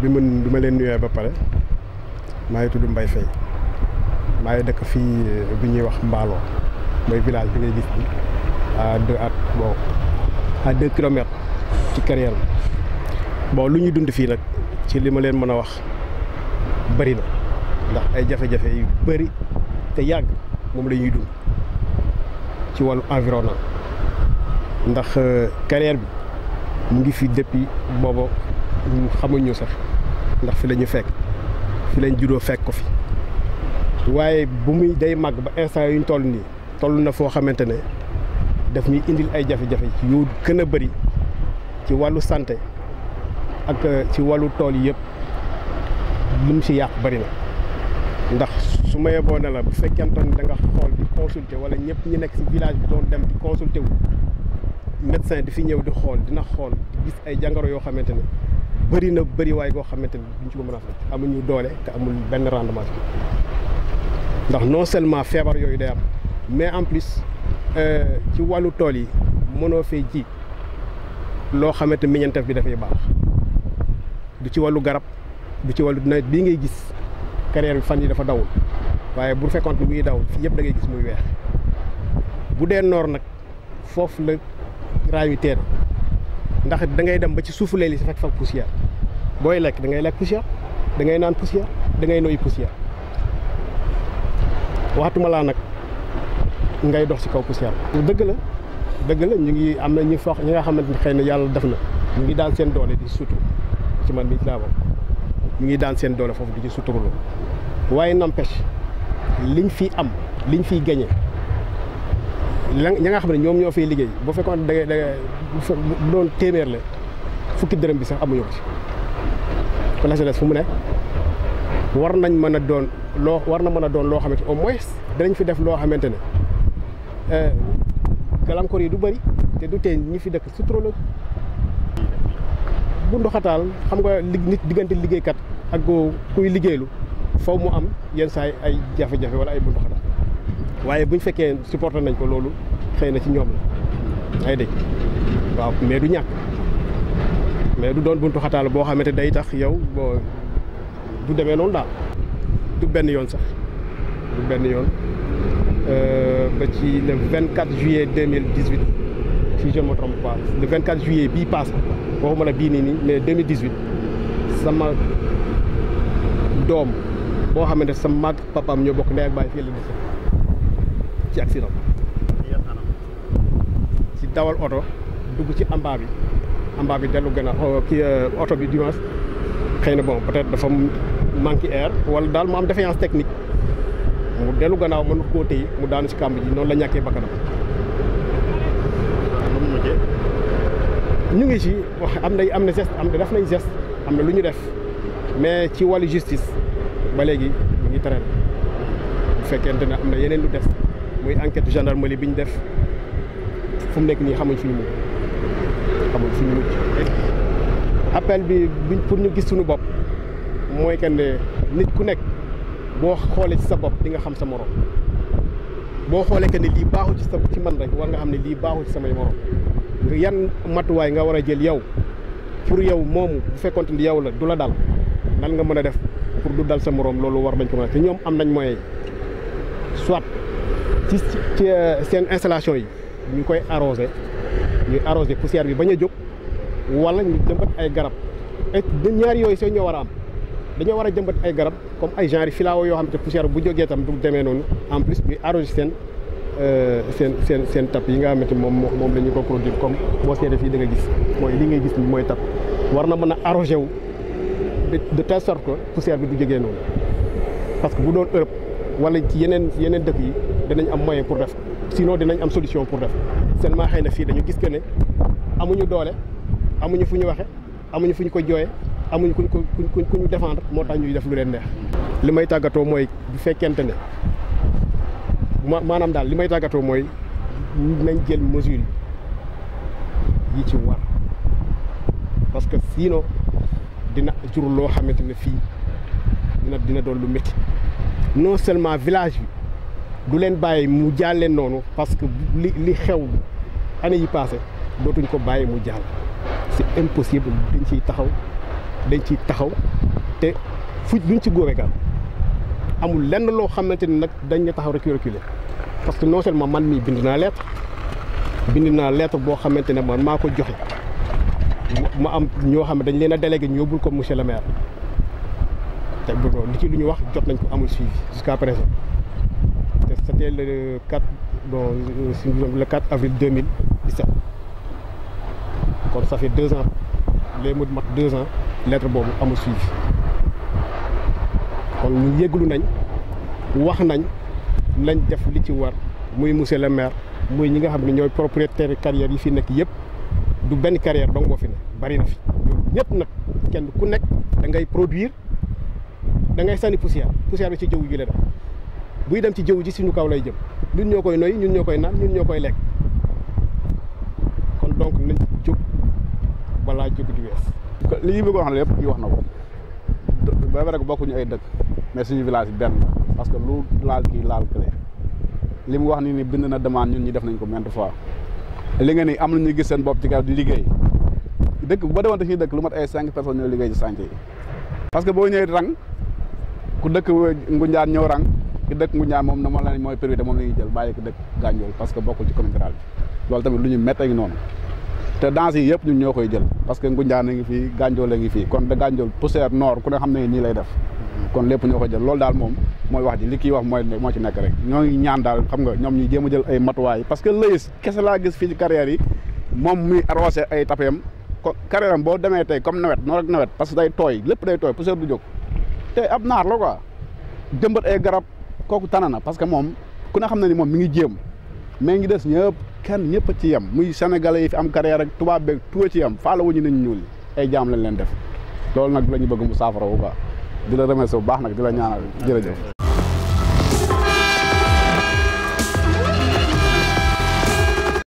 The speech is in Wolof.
bi ma bi ma leen nuyoo ba pare maa ngi tudd Mbaye Faye maa ngi dëkk fii eh, bi ñuy wax Mbaaloo mooy village bi ngay gis bi à at bon à ci carrière bi lu ñuy dund fii nag ci li ma leen mën a wax bëri na ndax ay jafe-jafe yu bëri te yàgg moom lañuy ñuy dund ci wàllu environnement ndax euh, carrière bi mu ngi fi depuis booba xamuñ ñu sax ndax fi la ñu fekk fi lañ juddoo fekk ko fi waaye bu muy day màgg ba instant yu ñu toll nii toll na foo xamante ne daf ñuy indil ay jafe-jafe yu gën a bëri ci wàllu sante ak euh, ci wàllu tool yi yëpp lu mu si yàq bari na ndax su ma yeboo ne la bu fekkente ne da nga xool di consulter wala ñëpp ñu nekk si village bi doon dem di consulter wu médecin di fi ñëw di xool dina xool gis ay jàngoro yoo xamante ne bëri na bëri waay goo xamante ni duñ ci ko mën a faj amuñu doole te amul benn rendement ndax non seulement feebar yooyu day am mais en plus euh, ci wàllu tool yi mënoo fee ji loo xamante meññeentef bi dafay baax du ci wàllu garab du ci wàllu nawet bii ngay gis carrière bi fan yi dafa dawul waaye bu fekkoon ne muy dawul fii yëpp da ngay gis muy weex bu dee noor nag foofu la raay wi teen ndax da ngay dem ba ci suufu leel yi si fekk fa poussière booy lekk da ngay lekk poussière da ngay naan poussière dangay ngay noy poussière waxtuma laa nag ngay dox si kaw poussière dëgg la dëgg la ñu ngi am na ñu foog ñi nga xam ne xëy na yàlla def na ñu ngi daan seen doole di sutur ci man mi laa bokk ñu ngi daan seen doole foofu di ci suturlu waaye n'empêche liñ fi am liñ fiy gañe la ña nga xam ne ñoom ñoo fiy liggéey bu fekkoon da ngay da doon téeméer la fukki dërëm bi sax amuñoo ko ci. kon la fu mu ne war nañ mën a doon loo war na mën a doon loo xamante au moins danañ fi def loo xamante ne euh, gàllankoor yi du bëri te du tee ñi fi dëkk suturaloo bu ndoxataal xam nga li nit diggante liggéeykat ak kuy liggéeylu faw mu am yenn saa ay jafe-jafe wala ay bunduxatal waaye bu ñu fekkee supporté nañ ko loolu xëy na ci ñoom la ay dégg waaw mais du ñàkk mais du doon buntu xataal boo xamante day tax yow boo du demee noonu daal du benn yoon sax du benn yoon euh, ba ci le 24 juillet 2018 si je ne me trompe pas le 24 juillet bii passé waxuma la bii nii nii mais 2018 sama doom boo xamante sama mag papaam ñoo bokk ndey ak baay fii la def ci accident. ci dawal oto dugg ci ambaa bi amba bi dellu gannaaw oh, kii euh, oto bi dimanche xëy na bon peut-être dafa manqué air wala daal mu am défaillance technique mu dellu gannaaw mënut koo téye mu daanu ci kàmb ji noonu la ñàkkee bakkanam. ñu ngi ci wax am na am na geste am na def nañ geste am na lu ñu def mais ci wàllu justice ba léegi mu ngi train bu fekkente ne am na yeneen lu des. muy enquête mali bi ñu def fu mu nekk nii xamuñ suñu mujj xamuñ suñu mujj appel bi pour ñu gis suñu bopp mooy que ne nit ku nekk boo xoolee ci sa bopp di nga xam sa moroom boo xoolee que ne lii baaxul ci sa ci man rek war nga xam ne lii baaxul ci samay morom yan matuwaay nga war a jël yow pour yow moomu bu fekkonte ni yow la du la dal nan nga mën a def pour du dal sa moroom loolu war nañ ko mën a te ñoom am nañ moyen soit ci ci euh, seen installation yi ñu koy arrosé ñuy arrosé poussière bi bañ a jóg wala ñu jëmbat ay garab et ñaar yooyu seen ñoo war a am dañoo war a jëmbat ay garab comme ay genre filao yoo xam te poussière bu jógee tam du demee noonu en plus ñuy arrosé seen euh, seen seen seen tap yi nga xamante moom moom la ñu ko produire comme boo seetee fii da nga gis mooy li ngay gis mooy tap war na mën a arrosé wu de telle sorte ko poussière bi du jógee noonu parce que bu doon Europe wala ci yeneen yeneen dëkk yi dinañ am moyen pour def sinon dinañ am solution pour def seulement xëy na fii dañu gis que ne amuñu doole amuñu fu ñu waxee amuñu fu ñu ko jooye amuñu kuñ ko kuñ ku ñu défendre moo tax ñuy def lu leen neex. li may tàggatoo mooy bu fekkente ne maanaam daal li may tàggatoo mooy nañ jël mesure yi ci war parce que sinon dina jur loo xamante ne fii dina dina doon lu métti non seulement village bi. du leen bàyyi mu jàll leen noonu parce que li li xew année yi passé dootuñ ko bàyyi mu jàll c'est impossible dañ ciy taxaw dañ ciy taxaw te fu duñ ci góobe gaaw amul lenn loo xamante ni nag dañ na taxaw rek reculer parce que non seulement man mii bind naa lettre bind naa lettre boo xamante ne man maa ko joxe ma am ñoo xam ne dañ leen a délégué ñu yóbbul ko monsieur le maire te bu li ci lu ñu wax jot nañ ko amul suivi jusqu'à présent arrêté le 4 bon euh, le 4 avril 2017 kon ça fait deux ans les mu mat deux ans lettre boobu amul suivi kon ñu yëglu nañ wax nañ lañ def li ci war muy monsieur le maire muy ñi nga xam ne ñooy propriétaire carrière yi fi nekk yëpp du benn carrière dong boo fi ne bari na fi ñëpp nag kenn ku nekk da ngay produire da ngay sànni poussière poussière bi ci jaww ji la def buy dem ci jëw ji suñu kaw lay jëm ñun ñoo koy noy ñun ñoo koy naan ñun ñoo koy lekk kon donc nañ jóg balaa jóg di wees li ñu bëgg wax ne yëpp wax na ko ba rek bokkuñu ay dëkk mais suñu village yi la parce que lu laal kii laal kële li mu wax ni ni bind na demande ñun ñi def nañ ko maintes fois li nga ni am nañu gis seen bopp ci kaw di liggéey dëkk ba demoon suñu dëkk lu mat ay cinq personnes ñoo liggéey ci chantier yi parce que boo ñëwee rang ku dëkk ngunjaan ñëw rang ki dëkk Ngoundiane moom na ma la mooy priorité moom la ñuy jël bàyyi ki dëkk Gandiol parce que ci commune rurale bi loolu tamit lu ñu méttee ngi noonu te danse yi yëpp ñun ñoo koy jël parce que Ngoundiane a ngi fii Gandiol a ngi fii kon de Gandiol poussière nord ku ne xam ne nii lay def kon lépp ñoo koy jël loolu daal moom mooy wax ji li kii wax mooy moo ci nekk rek ñoo ngi ñaan daal xam nga ñoom ñu jéem a jël ay matuwaay parce que lëyis kese laa gis fii ci carrière yi moom muy arrosé ay tapeem ko carrière boo demee tey comme nawet noonu nawet parce que day tooy lépp day tooy poussière du jóg te ab naar la ay garab kooku tana na parce que moom ku ne xam na ni moom mi ngi jéem mais ngi des ñëpp kenn ñëpp a ci yem muy sénégalais yi fi am carrière rek tubaab beeg tuwa ci yem faala wuñu nañ ñuul ay jaam lañ leen def loolu nag la ñu bëgg mu saafara wu quoi di la remercier bu baax nag di la ñaanal jërëjëf